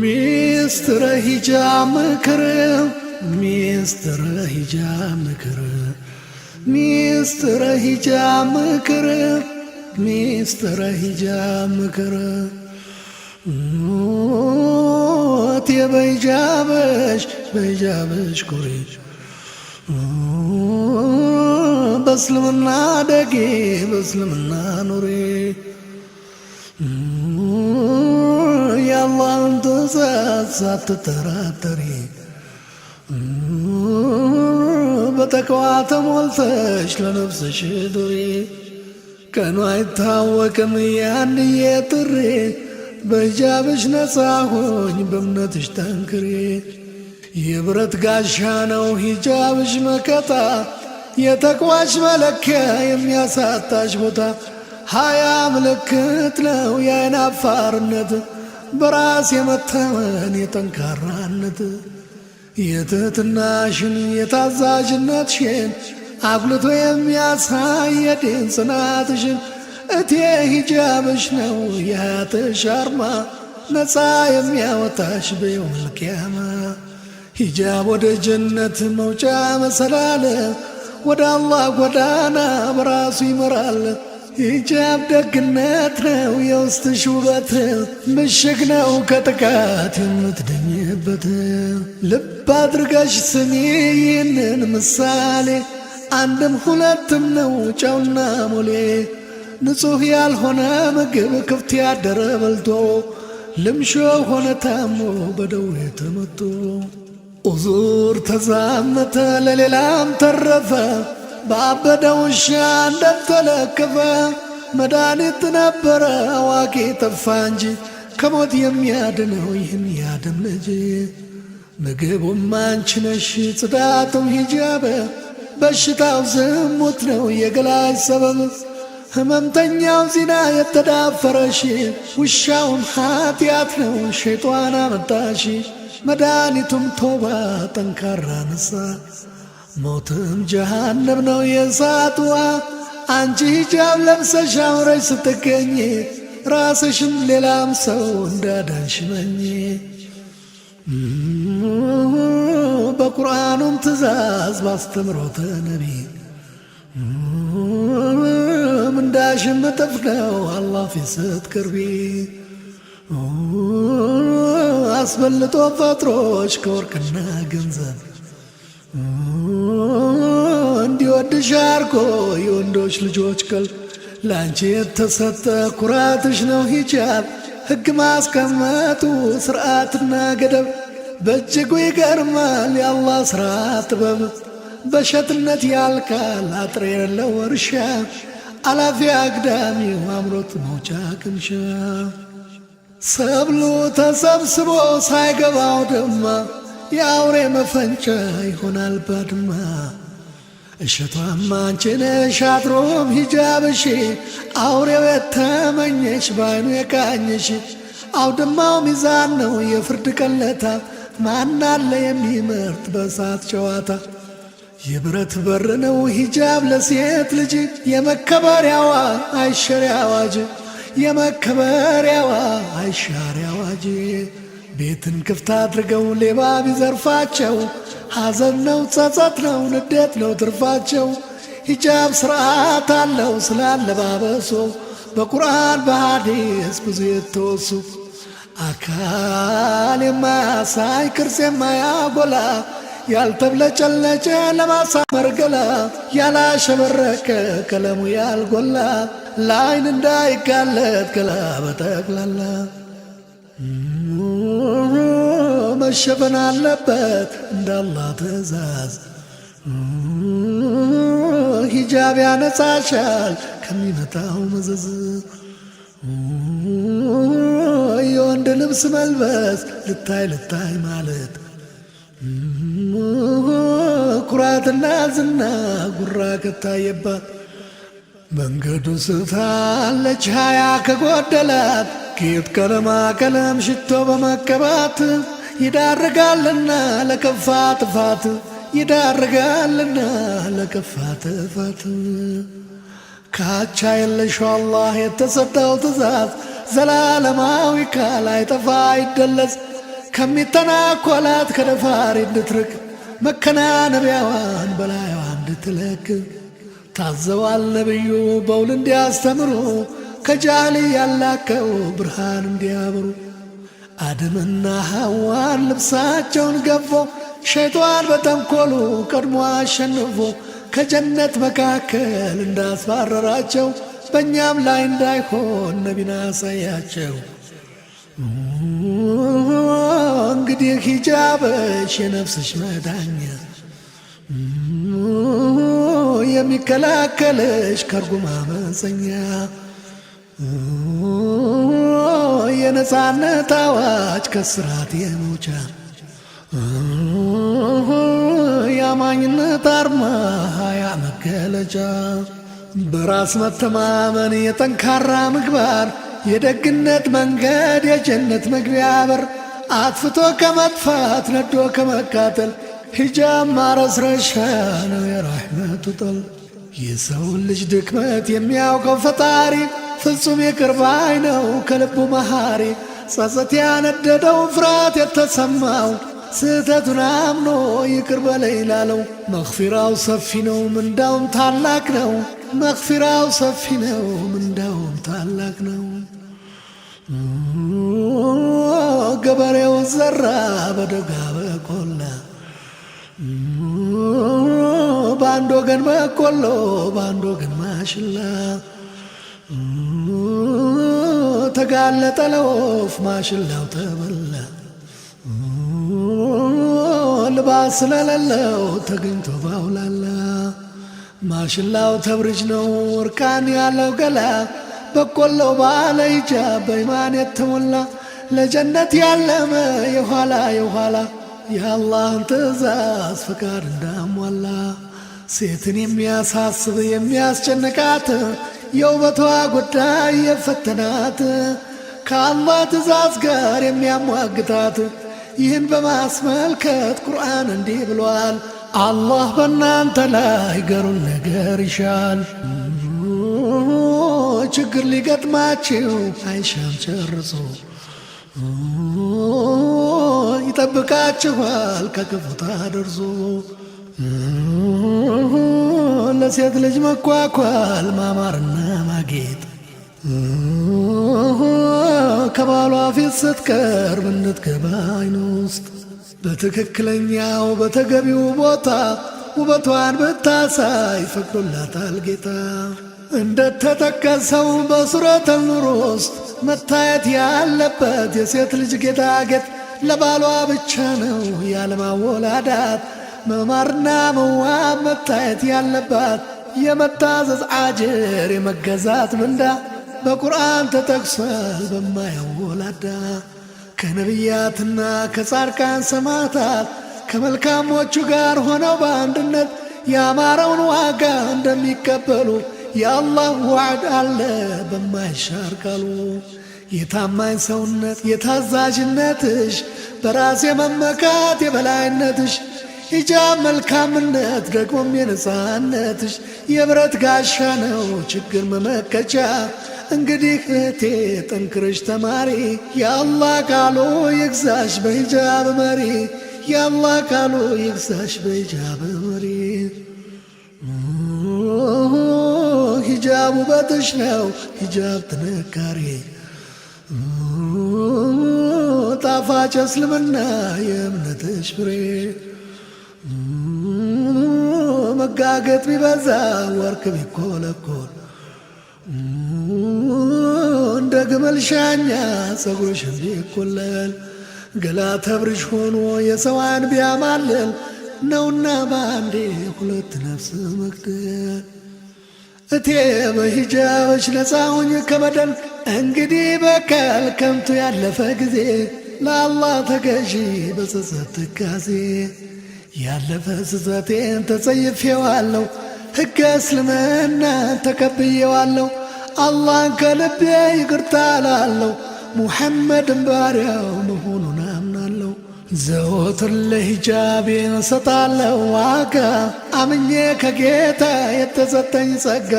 ሚስትረ ሂጃ ምክር ሚስትረ ሂጃ ምክር ሚስትረ ሂጃ ምክር ሚስትረ ሂጃ ምክር ቴ በይጃበሽ በይጃበሽ ኩሪ በእስልምና ደጌ በእስልምና ኑሬ የአላህን ትእዛዝ ሳትጠራጠሪ በተቅዋ ተሞልተሽ ለነፍስሽ ድሪ። ቀኑ አይታወቅም ያንዬ ጥሬ በሂጃብሽ ነፃ ሆኝ በእምነትሽ ጠንክሪ። የብረት ጋሻ ነው ሂጃብሽ መከታ የተቅዋሽ መለኪያ የሚያሳጣሽ ቦታ ሀያ ምልክት ነው የአይን አፋርነት በራስ የመተመን የጠንካራነት የትህትናሽን የታዛዥነትሽን አጉልቶ የሚያሳይ የዴን ጽናትሽን እቴ ሂጃብሽ ነው የሀያትሽ አርማ ነፃ የሚያወጣሽ በየውመል ሂጃብ ወደ ጀነት መውጫ መሰላለ ወደ አላህ ጎዳና በራሱ ይመራል። ሂጃብ ደግነት ነው፣ የውስጥሽ ውበት ምሽግ ነው ከጥቃት የምትደኝበት። ልብ አድርገሽ ስሚ ይህንን ምሳሌ፣ አንድም ሁለትም ነው ጨውና ሞሌ። ንጹሕ ያልሆነ ምግብ ክፍት ያደረ በልቶ ልምሾ ሆነ ታሞ በደዌ ተመቶ ኡዙር ተዛመተ ለሌላም ተረፈ ባበደ ውሻ እንደተለከፈ መድኃኒት ነበረ ዋቂ ጠፋ እንጂ ከሞት የሚያድነው ይህን ያደም ልጅ ምግቡም አንቺ ነሽ ጽዳቱም ሂጃበ በሽታው ዝሙት ነው የገላጭ ሰበብ ህመምተኛው ዜና የተዳፈረሽ ውሻውን ኃጢአት ነው ሸይጧን አመጣሽ መድኃኒቱም ቶባ ጠንካራ ንሳ ሞትም ጀሃነም ነው የእሳትዋ አንቺ ሂጃብ ለብሰሽ አምረሽ ስትገኝ ራስሽም ሌላም ሰው እንዳዳንሽ መኝ በቁርአኑም ትእዛዝ ባስተምሮተ ነቢ ምንዳሽም እጥፍ ነው አላህ ፊት ቅርቢ አስበልጦ ፈጥሮች ከወርቅና ገንዘብ እንዲወድሽ አርጎ የወንዶች ልጆች ቀልብ ለአንቺ የተሰጠ ኩራትሽ ነው ሂጃብ ሕግ ማስቀመጡ ስርዓትና ገደብ በእጅጉ ይገርማል የአላህ ሥራ ጥበብ በሸትነት ያልካል አጥር የሌለው እርሻ አላፊ አግዳሚ አምሮት መውጫ ቅምሻ ሰብሉ ተሰብስቦ ሳይገባው ደማ የአውሬ መፈንጫ ይሆናል ባድማ እሸቷማ አንቺ ነሽ አትሮም ሂጃብሽ አውሬው የተመኘሽ ባይኑ የቃኘሽ አውድማው ሚዛን ነው የፍርድ ቀለታ ማናለ የሚመርጥ በሳት ጨዋታ የብረት በር ነው ሂጃብ ለሴት ልጅ የመከበሪያዋ አይሸሪ አዋጅ የመከበሪያዋ አይሻሪ አዋጅ ቤትን ክፍት አድርገው ሌባ ቢዘርፋቸው ሐዘን ነው፣ ጸጸት ነው፣ ንዴት ነው ትርፋቸው። ሂጃብ ስርዓት አለው ስላለባበሶ በቁርአን በሐዲስ ብዙ የተወሱ አካል የማያሳይ ቅርጽ የማያጎላ ያልተብለጨለጨ ለማሳመር ገላ ያላሸበረቀ ቀለሙ ያልጎላ ለአይን እንዳይጋለጥ ገላ በጠቅላላ መሸፈን አለበት እንዳላ ትእዛዝ። ሂጃብ ያነጻሻል ከሚመጣው መዘዝ። የወንድ ልብስ መልበስ ልታይ ልታይ ማለት ኩራትና ዝና ጉራ ከታየባት መንገዱ ስታለች ሀያ ከጎደላት ጌጥ ቀለማ ቀለም ሽቶ በመቀባት ይዳርጋልና ለከፋ ጥፋት ይዳርጋልና ለከፋ ጥፋት። ካቻ የለሽው አላህ የተሰጠው ትእዛዝ ዘላለማዊ ቃል ጠፋ ይደለጽ ከሚተናኮላት ከደፋር እንድትርቅ መከናነቢያዋን በላይዋ እንድትለክ ታዘዋል ነቢዩ በውል እንዲያስተምሩ ከጃሊ ያላከው ብርሃን እንዲያበሩ አደምና ሐዋን ልብሳቸውን ገፎ ሸይጧን በተንኮሉ ቀድሞ አሸንፎ ከጀነት መካከል እንዳስባረራቸው በእኛም ላይ እንዳይሆን ነቢና አሳያቸው። እንግዲህ ሂጃብሽ የነፍስሽ መዳኛ የሚከላከልሽ ከርጉም አመፀኛ የነፃነት አዋጅ ከስራት የመውጫ የአማኝነት አርማ ሀያ መገለጫ በራስ መተማመን የጠንካራ ምግባር የደግነት መንገድ የጀነት መግቢያ በር አጥፍቶ ከመጥፋት ነዶ ከመቃጠል ሂጃብ ማረስረሻ ነው የራህመቱ ጠል የሰውን ልጅ ድክመት የሚያውቀው ፈጣሪ ፍጹም የቅርብ አይ ነው ከልቡ መሐሪ ጸጸት ያነደደው ፍርሃት የተሰማው ስህተቱን አምኖ ይቅር በለኝ ላለው መኽፊራው ሰፊ ነው ምንዳውም ታላቅ ነው። መኽፊራው ሰፊ ነው ምንዳውም ታላቅ ነው። ገበሬው ዘራ በደጋ በቆላ በአንድ ወገን በቆሎ በአንድ ወገን ማሽላ ተጋለጠ ለወፍ ማሽላው ተበላ ልባስ ስለሌለው ተገኝቶ ባውላላ ማሽላው ተብርጅ ነው እርቃን ያለው ገላ በቆለው ባለ ይጃ በኢማን የተሞላ ለጀነት ያለመ የኋላ የኋላ የአላህን ትእዛዝ ፈቃድ እንዳሟላ ሴትን የሚያሳስብ የሚያስጨንቃት የውበቷ ጉዳይ የፈተናት ከአላ ትእዛዝ ጋር የሚያሟግታት ይህን በማስመልከት ቁርአን እንዲህ ብሏል። አላህ በእናንተ ላይ ገሩን ነገር ይሻል፣ ችግር ሊገጥማችሁ አይሻም ጨርሶ ይጠብቃችኋል ከክፉታ ደርሶ ለሴት ልጅ መኳኳል ማማርና ማጌጥ ከባሏ ፊት ስትቀርብ እንድትገባ አይን ውስጥ በትክክለኛው በተገቢው ቦታ ውበቷን ብታሳይ ፈቅዶላታል ጌታ። እንደተጠቀሰው በሱረተ ኑር ውስጥ መታየት ያለበት የሴት ልጅ ጌጣጌጥ ለባሏ ብቻ ነው ያለማወላዳት መማርና መዋብ መታየት ያለባት የመታዘዝ አጅር የመገዛት ምንዳ በቁርአን ተጠቅሷል በማያወላዳ ከነቢያትና ከጻድቃን ሰማዕታት ከመልካሞቹ ጋር ሆነው በአንድነት ያማረውን ዋጋ እንደሚቀበሉ የአላህ ዋዕድ አለ በማይሻር ቃሉ። የታማኝ ሰውነት የታዛዥነትሽ በራስ የመመካት የበላይነትሽ ሂጃብ መልካምነት ደግሞም የነፃነትሽ የብረት ጋሻ ነው ችግር መመከቻ። እንግዲህ እህቴ ጠንክረሽ ተማሪ የአላህ ቃሎ ይግዛሽ በሂጃብ መሪ የአላህ ቃሎ ይግዛሽ በሂጃብ መሪ። ሂጃብ ውበትሽ ነው ሂጃብ ጥንካሬ ጣፋጭ እስልምና የእምነትሽ ፍሬ መጋገጥ ቢበዛ ወርቅ ቢኮለኮል እንደ ግመል ሻኛ ፀጉሮሽ ቢኮለል ገላ ተብርሽ ሆኖ የሰዋን ቢያማልል ነውና በአንዴ ሁለት ነፍስ መግደል። እቴ በሂጃብሽ ነፃውኝ ከበደል እንግዲህ በከል ከምቱ ያለፈ ጊዜ ለአላህ ተገዢ በጸጸት ትካዜ ያለፈ ስህተቴን ተጸይፌዋለሁ፣ ሕገ እስልምና ተቀብዬዋለሁ። አላህን ከልቤ ይቅርታ ላለሁ፣ ሙሐመድን ባሪያው መሆኑን አምናለሁ። ዘወትር ለሂጃቤን ሰጣለሁ ዋጋ አምኜ ከጌታ የተሰጠኝ ጸጋ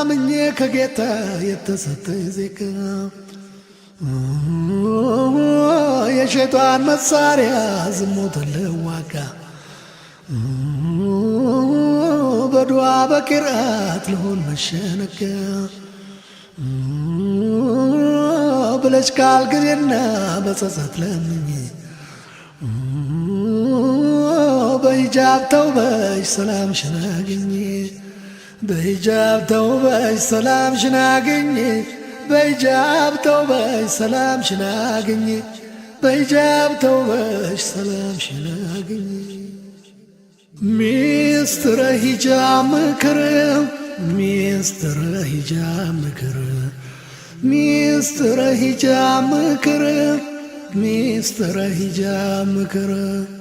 አምኜ ከጌታ የተሰጠኝ ዜጋ የሸይጣን መሳሪያ ዝሙትን ልዋጋ በዱዋ በቂራት ልሆን መሸነጊያ ብለሽ ካልግሬና በጸጸት ለምኝ በሂጃብ ተውበሽ ሰላም ሽናግኝ በሂጃብ ተውበሽ ሰላም ሽናግኝ በሂጃብ ተውበሽ ሰላም ሽናግኝ በሂጃብ ተውበሽ ሰላም ሽናግኝ ሚስጥረ ሂጃብ ምክር ሚስጥረ ሂጃብ ምክር ሚስጥረ ሂጃብ ምክር ሚስጥረ ሂጃብ ምክር